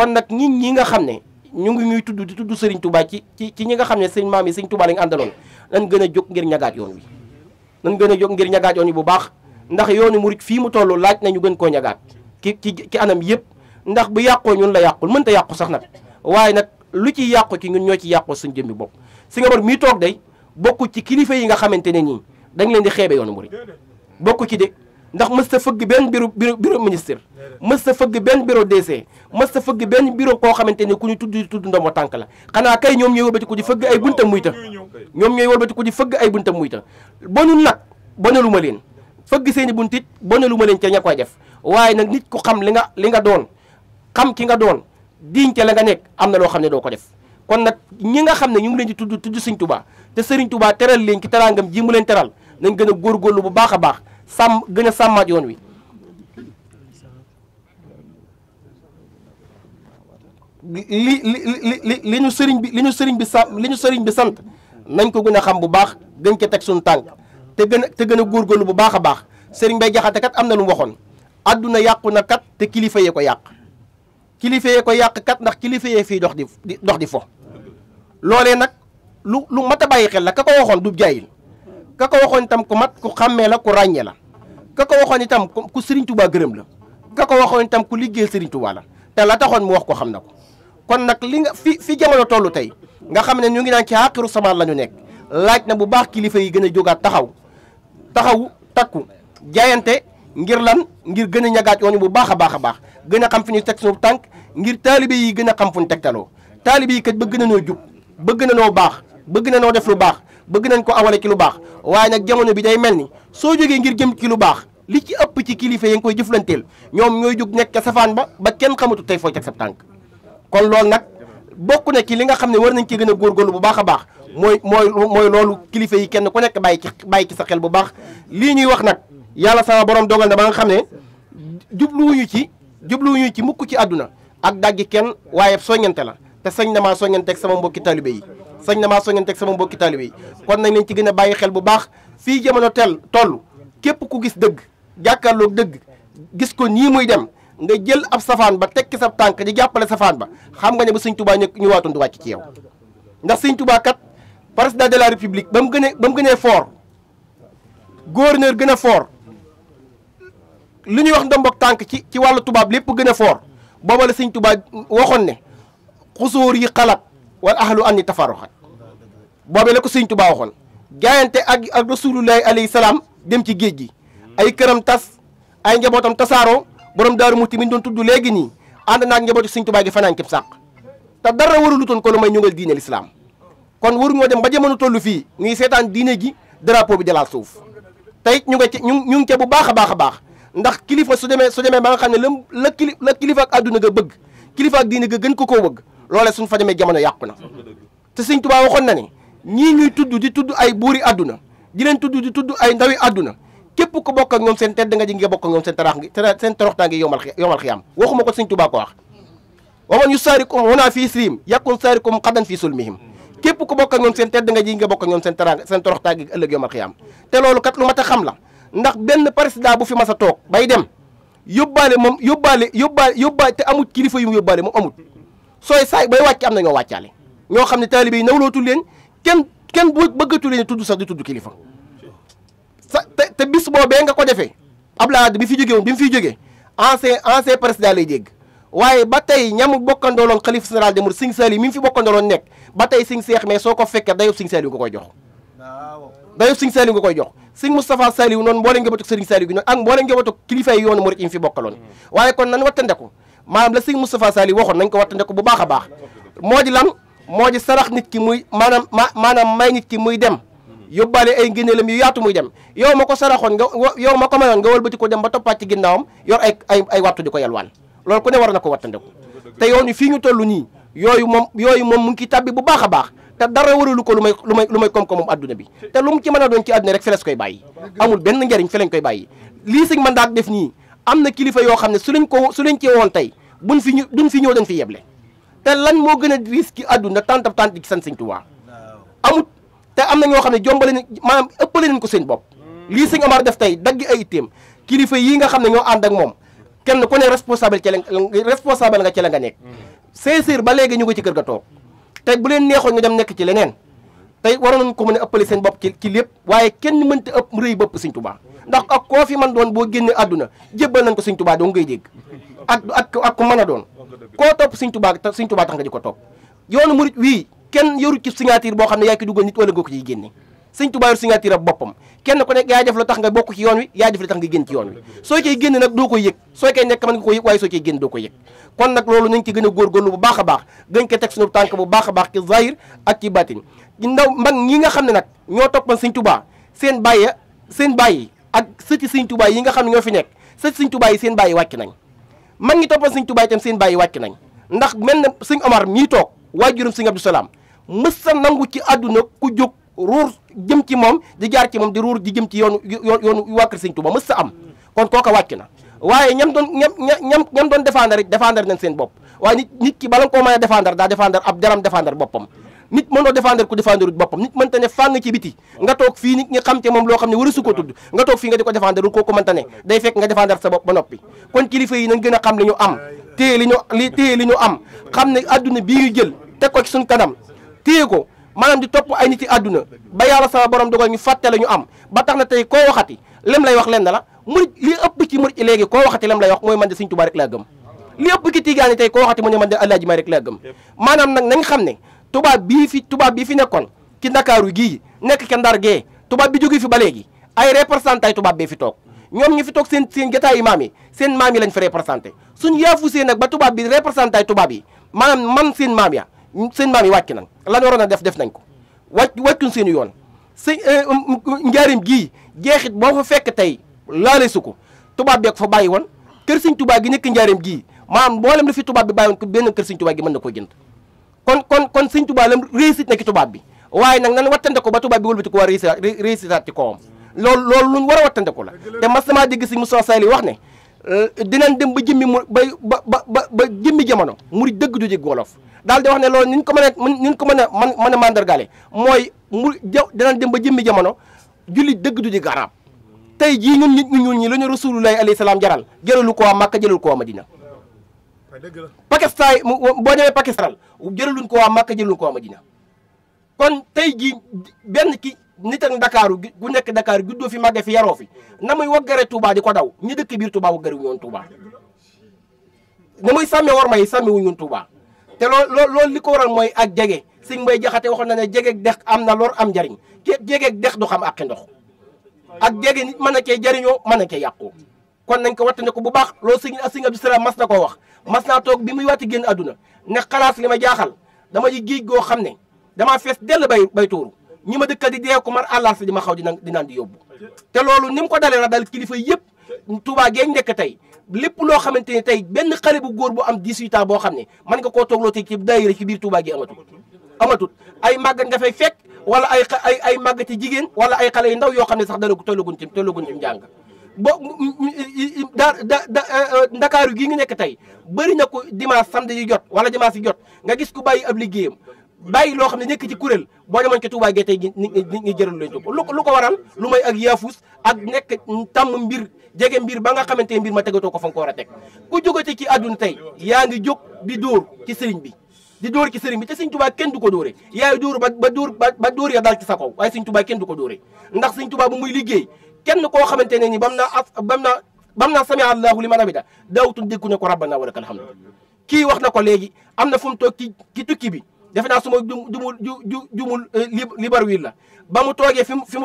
kon nag nit ñi nga xam ne ñu ngi ñuy tudd di tudd Serigne Touba ci ci ci ñi nga xam ne seen maam yi Serigne Touba lañ àndaloon nan gën a jóg ngir ñagaat yoon wi nan gën a jóg ngir ñagaat yoon wi bu baax ndax yoonu murit fii mu toll laaj nañu gën koo ñagaat ki ci ci anam yëpp ndax bu yàqoo ñun la yàqul mënta yàqu sax nag waaye nag lu ci yàqu ci ñun ñoo ci yàqoo suñ jëmmi bopp si nga bar mii toog day bokku ci kilifa yi nga xamante ne nii dañ leen di xeebe yoonu murit bokku ci de ndax mës fëgg benn bureau bureau ministre mës ta fëgg benn bureau DC mës ta fëgg benn bureau koo xamante ni ku ñu tudd tudd ndomo tànk la xanaa kay ñoom ñooy wëlbati ku di fëgg ay bunta muy ta ñoom ñooy wëlbati ku di fëgg ay bunta muy ta bonul nag bonalu ma leen fëgg seen i buntit bonalu ma leen ca ña koy def waaye nag nit ku xam li nga li nga doon xam ki nga doon diñ ca la nga nekk am na loo xam ne doo ko def kon nag ñi nga xam ne ñu ngi leen di tudd tudd Sëriñ tubaa te Sëriñ tubaa teral leen ci teraangam leen teral nañ gën góorgóorlu bu baax a baax sàmm gën a sàmmaat yoon wi li li li li ñu sëriñ bi li ñu sëriñ bi sa li ñu sëriñ bi sant nañ ko gën a xam bu baax gën ca teg suñu tànk te gën a te gën a góorgóorlu bu baax a baax sëriñ bay jaxate kat am na lu mu waxoon àdduna yàqu na kat te kilifa yee ko yàq kilifa yee ko yàq kat ndax kilifa yee fii dox di dox di fo loolee nag lu lu mat a bàyyi xel la ka ko waxoon du jaayil ka ko waxoon itam ku mat ku xàmmee la ku ràññee la ka ko waxoon itam ku Serigne Touba gërëm la ka ko waxoon itam ku liggéeyal Serigne Touba la te la taxoon mu wax ko xam na ko kon nag li nga fi fi jamono toll tey nga xam ne ñu ngi naan ci àqiru samaan la ñu nekk laaj na bu baax kilifa yi gën a jógaat taxaw taxaw takku jaayante ngir lan ngir gën a ñagaat yoon bu baax a baax a baax gën a xam fi ñu teg suñu tànk ngir taalibe yi gën a xam fu ñu tegtaloo taalibe yi kat bëgg na noo jub bëgg na noo baax bëgg na noo def lu baax bëgg nañ ko awale ci lu baax waaye nag jamono bi day mel ni soo jógee ngir jëm ci lu baax li ci ëpp ci kilifa yi nga koy jëflanteel ñoom ñooy jóg nekk safaan ba ba kenn xamatu tey foo teg sa tànk kon loolu nag bokk na ci li nga xam ne war nañ ci gën a góorgóorlu bu baax a baax mooy mooy mooy loolu kilifa yi kenn ku nekk bàyyi ci bàyyi ci sa xel bu baax lii ñuy wax nag yàlla sama borom dogal ne ba nga xam ne jubluwuñu ci jubluwuñu ci mukk ci àdduna ak daggi kenn waaye soññante la te sañ na maa soññanteeg sama mbokki taalibe yi sañ na maa soññanteeg sama mbokki taalibe yi kon nañ leen ci gën a bàyyi xel bu baax fii jamono teel toll képp ku gis dëgg jàkkaarloog dëgg gis ko nii muy dem nga jël ab safaan ba tekki sa tànk di jàppale safaan ba xam nga ne ba sëñ tubaa ñu ñëwaatoon du wàcc ci yow ndax sëñ tubaa kat président de la république ba mu gënee ba mu gënee fort gouverneur gën a fort li ñuy wax ndombok tànk ci ci wàllu tubaab lépp gën a foor booba la sëñ tubaa waxoon ne xusóor yi xalaat wala ahlu anni tafaruxat boobe la ko sëñ tubaa waxoon jaayante ak ak rasulullahi alayhi salaam dem ci géej gi ay kërëm tas ay njabootam tasaaroo borom daaru muxti mi ñu doon tudd léegi nii ànd naak njabootu Sëñ Tuubaa gi fanaan képp sàq te dara waru lutoon ko lu may ñungal diine lislaam kon waruñoo dem ba jamono toll fii ñuy seetaan diine ji drapeau bi jalaal suuf te it ñu nga ñu ñu ngi ca bu baax a baax a baax ndax kilifa su demee su demee ba nga xam ne kili la kilifa ak àdduna ga bëgg kilifa ak diine ga gën ko koo bëgg loole suñ fa demee jamono yàqu na te Sëñ Tuubaa waxoon na ne ñii ñuy tudd di tudd ay buuri àdduna di leen tudd di tudd ay ndawi àdduna képp ku bokk ak ñoom seen tedd nga ji nga bokk ak ñoom seen tarax ngi seen toroxtaa ngi yomal yomal xiyaam waxuma ko sëñ Tuubaa ko wax waman yu saarikum huna fii srihim yàkkun bokk ak ñoom seen tedd nga ji nga bokk ak ñoom seen tarang seen toroxtaa ngi ëllëg yomal xiyaam te loolu kat lu mat a xam la ndax benn président bu fi ma a toog bay dem yóbbaale moom yóbbaale yóbbaale yóbbaale te amul kilifa yu mu yóbbaale moom amul sooy saay bay wàcc am na ñoo wàccaale ñoo xam ne taalibe yi leen kenn kenn bëggatul leen tudd sax di tudd kilifa boo bee nga ko defee Abdoulaye Wade bi fi jóge woon bi fi fiy jógee ancien ancien président lay dégg waaye ba tey ñamu bokkandooloon xalif général de Mouride Sëñ Saliou mi mu fi bokkandooloon nekk ba tey Sëñ Seex mais soo ko fekkee dayoo Sëñ Saliou nga koy jox dayoo Sëñ Saliou nga koy jox Sëñ Moustapha Saliou noonu mbooleem njabootug Sëriñ Saliou gi noonu ak mbooleem njabootug kilifa yi yoonu Mouride mm. kon nan wattandeku maanaam waxoon nañ ko wattandeku bu baax a baax moo di lan moo di sarax nit ki muy maanaam maanaam may nit ki muy dem yóbbaale ay ngéneelam yu yaatu muy dem yow ma ko saraxoon nga yow ma ko mayoon nga wëlbati ko dem ba toppaat ci ginnaawam yor ay ay ay di ko yalwaan loolu ku ne war na ko wattandiku te fii ñu toll nii yooyu moom yooyu moom mu ngi ciy tàbbi bu baax a baax te dara waralu ko lu may may lu may koom-koomam adduna bi te lu mu ci mën a doon ci adduna rek fi koy bàyyi amul benn njariñ fi lañ koy bàyyi lii sëñ man daat def nii am na kilifa yoo xam ne su lañ ko su lañ cee woon tey buñ fi ñu duñ fi ñëw dañ fi yeble te lan moo gën a risque adduna tant ab tant ci san sëñ Tuubaa amut te am na ñoo xam ne jombale nañ maanaam ëppale nañ ko seen bopp lii sëñ Omar def tey dagg ay itteem kilifa yii nga xam ne ñoo ànd ak moom kenn ku ne responsable ci la responsable nga ci la nga nekk sincère ba léegi ñu ngi ci kër ga toog tey bu leen neexoon ñu dem nekk ci leneen tey waroon na ko mën a ëppale seen bopp ci ci lépp waaye kenn mënta ëpp rëy bopp sëñ Tuubaa ndax ak koo fi man doon boo génnee àdduna jébbal nañ ko sëñ Tuubaa doo ngay dégg ak ak ak man a doon koo topp sëñ Tuubaa sëñ Tuubaa tax nga di ko topp yoonu murit wii kenn yoru ci signature boo xam ne yaa ki dugal nit wala nga ko ciy génne sëñ Tuubaa yor signature ab boppam kenn ku nekk yaa def la tax nga bokk ci yoon wi yaa def la tax nga génn ci yoon wi soo cay génn nag doo ko yëg soo koy nekk mën nga ko yëg waaye soo cay génn doo ko yëg kon nag loolu a baax a baax gën ko teg suñu tànk bu baax a baax ci zahir ak ci xam ne nag ñoo toppan sëñ Tuubaa seen bàyyi seen bàyyi ak sëti sëñ Tuubaa yi nga xam ne ñoo fi nekk sëti sëñ Tuubaa yi seen bàyyi wàcc nañ mag ñi toppan sëñ Tuubaa itam seen bàyyi wàcc nañ ndax mel na sëñ Omar mii toog waajuram sëñ Abdou Salaam mës sa nangu ci àdduna ku jóg ruur jëm ci moom di jaar ci moom di ruur di jëm ci yoonu yoonu waa kër Sëñ Tuuba mës sa am kon kooka wàcc na waaye ñam doon ñam ñam ñam doon défendre défendre nañ seen bopp waaye nit nit ki bala nga koo mën a défendre daa défendre ab deram défendre boppam nit mënoo défendre ku défendre boppam nit mënta ne fàng ci biti nga toog fi nit ñi xam te moom loo xam ne warasu ko tudd nga toog fii nga di ko défendre lu kooku mënta ne day fekk nga défendre sa bopp ba noppi kon kilifa yi nañ gën a xam li ñu am téye li ñu li téye li ñu am xam ne adduna bii jël teg ko kanam téye ko maanaam di topp ay nit ci àdduna ba yàlla sa borom dogal ñu fàtte la ñu am ba tax na tey ko waxati lem lay wax leen la murit li ëpp ci murit yi léegi koo waxati lem lay wax mooy man de Sëñ Tuubaa rek laa gëm li ëpp ci tiigaani tey koo waxati mu ne man de Alaaji Maalik rek laa gëm maanaam nag nañ xam ne tubaab bii fi tubaab bii fi nekkoon ci ndakaaru gii nekk kenn ndar gee tubaab bi jóge fi ba léegi ay représentant tubaab bee fi toog ñoom ñu fi toog seen seen jotaayu maam yi seen maam yi lañ fi représenté suñ yaafusee ba tubaab bi représentant tubaab yi maanaam man seen maam seen maam yi wàcc nañ lan waroon a def def nañ ko wàcc wàccuñ seen yoon sëñ eh, um, um, um, njaarim gii jeexit boo fa fekk tey laale su ko tubaab beeg fa bàyyi woon kër sëñ tubaab gi nekk njaarim gii maanaam mboolem la fi tubaab bi bàyyi woon ko benn kër sëñ tubaab gi mën na ko jënd kon kon kon sëñ tubaab lam réussite na ki tubaab bi waaye nan nan wattante ko ba tubaab bi wëlbati ko waa réussitaat ci kawam lool lool luñ war a wattante ko la te mas namaa dégg sëñ Moussa Sall wax ne eh, dinañ dem ba jëmmi ba ba ba ba jëmmi jamono murid dëgg du jég daal di wax ne loolu ni ñu ko mën a ni ñu ko mën a man mën a mandargale mooy mu ja danañ dem ba jëmmi jamono julli dëgg du di garab tey jii ñun nit ñu ñuul ñi la ñu rasulullahi alayhi salaam jaral jëralu ko waa Makka jëralu ko waa Madina Pakistan boo demee Pakistan jëraluñ ko waa Makka jëraluñ ko waa Madina kon tey jii benn ki nit ak Dakar gu nekk Dakar guddoo fi màggee fi yaroo fi na muy waggare Touba di ko daw ñi dëkk biir Touba waggare wu ñoon Touba na muy sàmmee war may sàmmee wu ñoon Touba te lool loolu li ko waral mooy ak jege sëñ Mbay Jaxate waxoon na ne jegeeg dex am na loor am njariñ ke jegeeg dex du am ak ndox ak jege nit mën na cee jariñoo mën na cee yàqu kon nañ ko wattane ko bu baax loolu sëñ sëñ Abdou mas na koo wax mas naa toog bi muy wàtti génn àdduna ne xalaas li ma jaaxal dama ji géej goo xam ne dama fees dell bay bay tuuru ñi ma dëkkal di dee ko mar àllar si di ma xaw di naan di yóbbu te loolu ni mu ko dale na dal kilifa yëpp tubaa geeñ nekk tey lépp loo xamante ne tey benn xale bu góor bu am 18 ans boo xam ne mën nga koo toogloo tey ci daayira ci biir Touba gi amatul amatul ay màggat nga fay fekk wala ay ay ay màggati jigéen wala ay xale yu ndaw yoo xam ne sax dana tollaguñ ci tollaguñ ci njàng bo da da eh, eh, ndakaaru gi nga nekk tey bëri na ko dimanche samedi yi jot wala dimanche yi jot nga gis ku bàyyi ab liggéeyam bàyyi loo xam ne nekk ci kuréel boo demoon ca Touba Gueye tey nit ñi jëral leen ko lu lu ko waral lu may ak yaafus ak nekk tàmm mbir jege mbir ba nga xamante mbir ma tegatoo ko fa nga ko war a teg ku jógate ci àdduna tey yaa ngi jóg di door ci sëriñ bi di door ci sëriñ bi te sëñ tubaa kenn du ko dóore yaay door ba ba dóor ba dóor ya daal ci sa kaw waaye sëñ tubaa kenn du ko dóore ndax sëñ tubaa bu muy liggéey kenn koo xamante ne ni bam naa bam naa bam naa sami allahu liman hamida daawutul déggu ne ko rabbana wa lakal hamd kii wax na ko léegi am na fu mu toog ci ci tukki bi defe naa su ma jumul ju jumul Libreville la ba mu toogee fi mu fi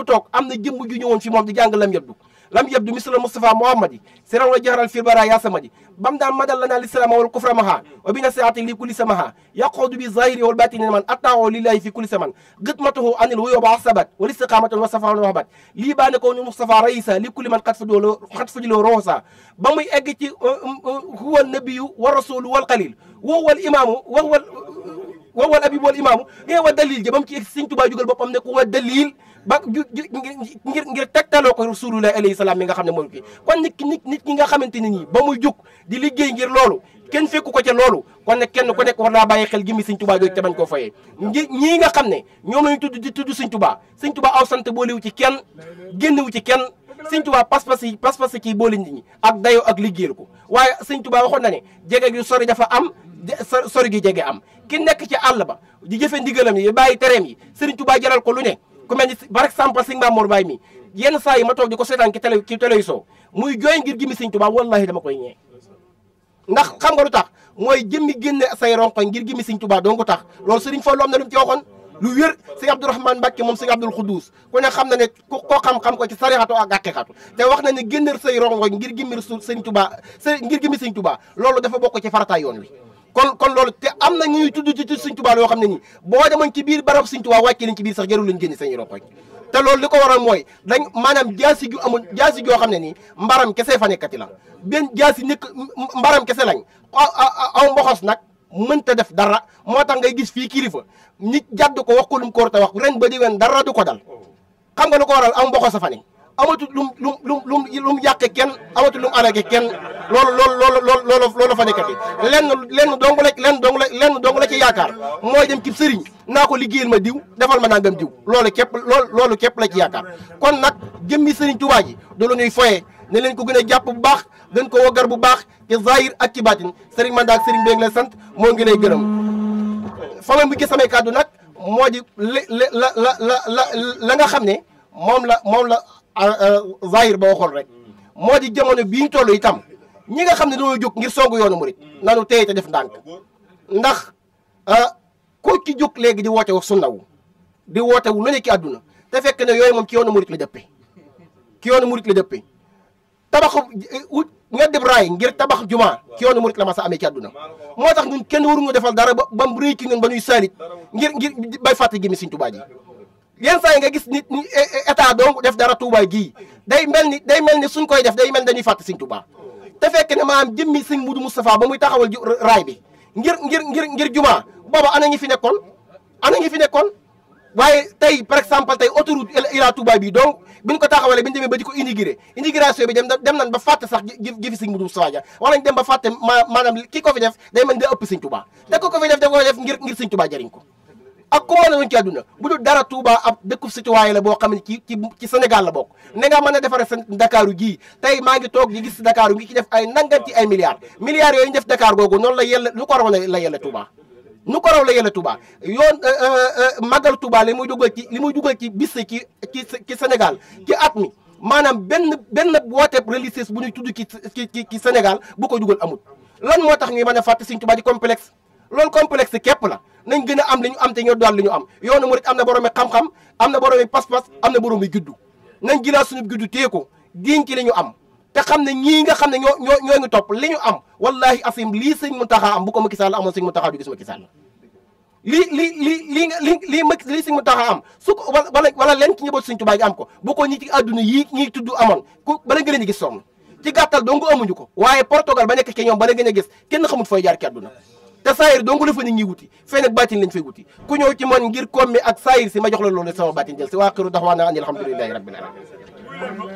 ju ñëwoon fi moom di jàng lam yabdu lam yabdu misal Mustafa Muhammadi siran wa jaharal fil bara yasamadi bam daan madal lanaa lislama wal kufra maha wa bi nasiati li kulli samaha yaqudu bi zahiri wal batini man attao lillahi fi kulli saman gitmatahu anil wuyo ba sabat wal istiqamatan wa safa wahbat lii baa ne ko Mustafa raïsa li kulli man xat fajuloo xat fajuloo roxosa ba egg ci huwa nabiyu wa rasulu wal qalil wa huwa al imamu wa huwa wa wal abi wal imaamu ngeen wa dalil ja ba mu ci egg sëñ Tuubaa jugal boppam ne wa dalil ngir ngir tegtaloo ko rasulullah alayhi salaam mi nga xam ne mooy kii kon nit ki nit ki nga xamante ne nii ba muy jug di liggéey ngir loolu ken fekku ko ca loolu kon nag kenn ku nekk war naa bàyyi xel gi mi sëñ Tuubaa jooju te bañ koo fayee ñi ñii nga xam ne ñoom lañu tudd di tudd sëñ Tuubaa sëñ Tuubaa aw sant boolewu ci ken génnewu ci kenn sëñ tubaa pas-pas yi pas-pas yi kii boole nit ñi ak dayoo ak liggéeyal ko waaye sëñ tubaa waxoon na ne jege yu sori dafa am sori gi jege am ki nekk ci àll ba di jëfe ndigalam yi bàyyi tereem yi sëriñ tubaa jaral ko lu ne ku mel ni par exemple sëñ Mamour mi yenn saa yi ma toog di ko seetaan ci télé ci télé soo muy jooy ngir jëmmi sëñ wallahi dama koy ñee ndax xam nga lu tax mooy jëmmi génne say ronkoñ ngir jëmmi sëñ tubaa doo ko tax loolu sëriñ Fallu am na lu mu ci lu wér sëñ Abdourahmane Mbacke moom sëñ Abdoul Khoudous ku ne xam na ne ku ko xam-xam ko ci sarixatu ak àqiqatu te wax na ne génnal say rongoñ ngir gimir su sëñ Touba ngir gimir sëñ Touba loolu dafa bokk ci farataay yoon wi kon kon loolu te am na ñuy tudd ci sëñ Touba yoo xam ne nii boo demoon ci biir barab sëñ Touba wàcce nañ ci biir sax jarul lañ génne seen rongoñ te loolu li ko waral mooy dañ maanaam jaasi ju amul jaasi joo xam ne nii mbaram kese fa nekkati la benn jaasi nekk mbaram kese lañ aw mboxos nag mënta def dara moo tax ngay gis fii kilifa nit jàdd ko wax ko lu mu ko war a wax ren ba di wen dara du ko dal xam ga lu ko waral am mboq sa fani amatul lum lum lum lum lum yàqe kenn amatul lum arage kenn loolu loolu loolu loolu loolu loolu fa nekkati lenn lenn dong la lenn dong la lenn dong la ci yaakaar mooy dem cib sëriñ naa ko liggéeyal ma diw defal ma nangam diw loolu képp loolu loolu képp la ci yaakaar kon nag jëmmi sëriñ Tuubaa ji du lu ñuy foyee ne leen ko gën a jàpp bu baax gën ko waggar bu baax ci zahir ak ci baatin sëriñ Manda ak sëriñ Mbengue la sant moo ngi lay gërëm fama bi gi samay kàddu nag moo di la la la la la la nga xam ne moom la moom la euh, euh, zahir ba waxoon rek moo di jamono bii ñu toll itam ñi nga xam ne dañoo jóg ngir soog yoonu murit nanu tey te def ndànk ndax euh, ku ci jóg léegi di woote wax sunna wu di woote wu lu ne ci àdduna te fekk ne yooyu moom ci yoonu murit la dëppe ki yoonu murit la dëppe tabaxu nga def raay ngir tabax jumaa ci yoonu murit la ma sa amee ci àdduna moo tax ñun kenn waruñu defal dara ba bam réy ci ñun ba ñuy saalit ngir ngir bay fàtte gi mi Sëriñ Tuubaa ji yenn yi nga gis nit e, e, état donc def dara Tuubaa gii day mel ni day mel ni suñ koy def day mel dañuy fàtte Sëriñ Tuubaa te fekk ne maanaam jëmmi Sëriñ Mudu Moustapha ba muy taxawal raay bi ngir ngir ngir ngir juma booba ana ñi fi nekkoon ana ñi fi nekkoon waaye tey par exemple tey autoroute Ila Touba bi donc bi ñu ko taxawalee bi ñu demee ba di ko intégré intégration bi dem dem nañ ba fàtte sax jëfi Sëñ Mudu Sawaja wala ñu dem ba fàtte maanaam ki ko fi def day mel da ëpp Sëñ Touba te ko ko fi def da ko def ngir ngir Sëñ Touba jëriñ a doon bu dul dara Touba ab dëkkub citoyen la boo xam ne ci ci ci Sénégal la bokk ne nga mën a defaree seen Dakaaru gi tey maa ngi toog di gis Dakaaru ngi ci def ay nangan ci ay milliards milliards yooyu ñu def Dakar googu nu ko raw la yële Touba yoon euh, euh, euh, màggal Touba li muy dugal ci li muy dugal ci bis ci ci ci Sénégal ci at mi maanaam benn benn wooteeb religieuse bu ñuy tudd ci ci ci Sénégal bu ko dugal amul. lan moo tax ñuy mën a fàtte Sëñ Touba di complexe lool complexe képp la nañ gën am li ñu am te ñoo doon li ñu am yoonu murit am na boroomi xam-xam am na boroomi pas-pas am na boroomi juddu nañ jëlaat suñu juddu téye ko diin ci li ñu am. te xam ne ñii nga xam ne ñoo ñoo ñoo ngi topp li ñu am wallahi asim lii sëñ taxa am bu ko Macky Sall amoon sëñ Muntaxa taxa gis Macky Sall lii lii lii lii lii lii Macky lii sëñ Muntaxa am su ko wala wala leen ci ñëboot sëñ Tuubaa gi am ko bu ko ñi ci àdduna yii ñiy tudd amoon ku bala ngeen a gis sonn ci gàttal dong amuñu ko waaye Portugal ba nekk ci ñoom bala ngeen a gis kenn xamul fooy jaar ci àdduna te saayir dong la fa nit ñi wuti fee nag baatin lañ fay wuti ku ñëw ci man ngir koom mi ak saayir si ma jox la loolu sama baatin jël si waaxiru daxwaana ani alhamdulillahi rabbil alamin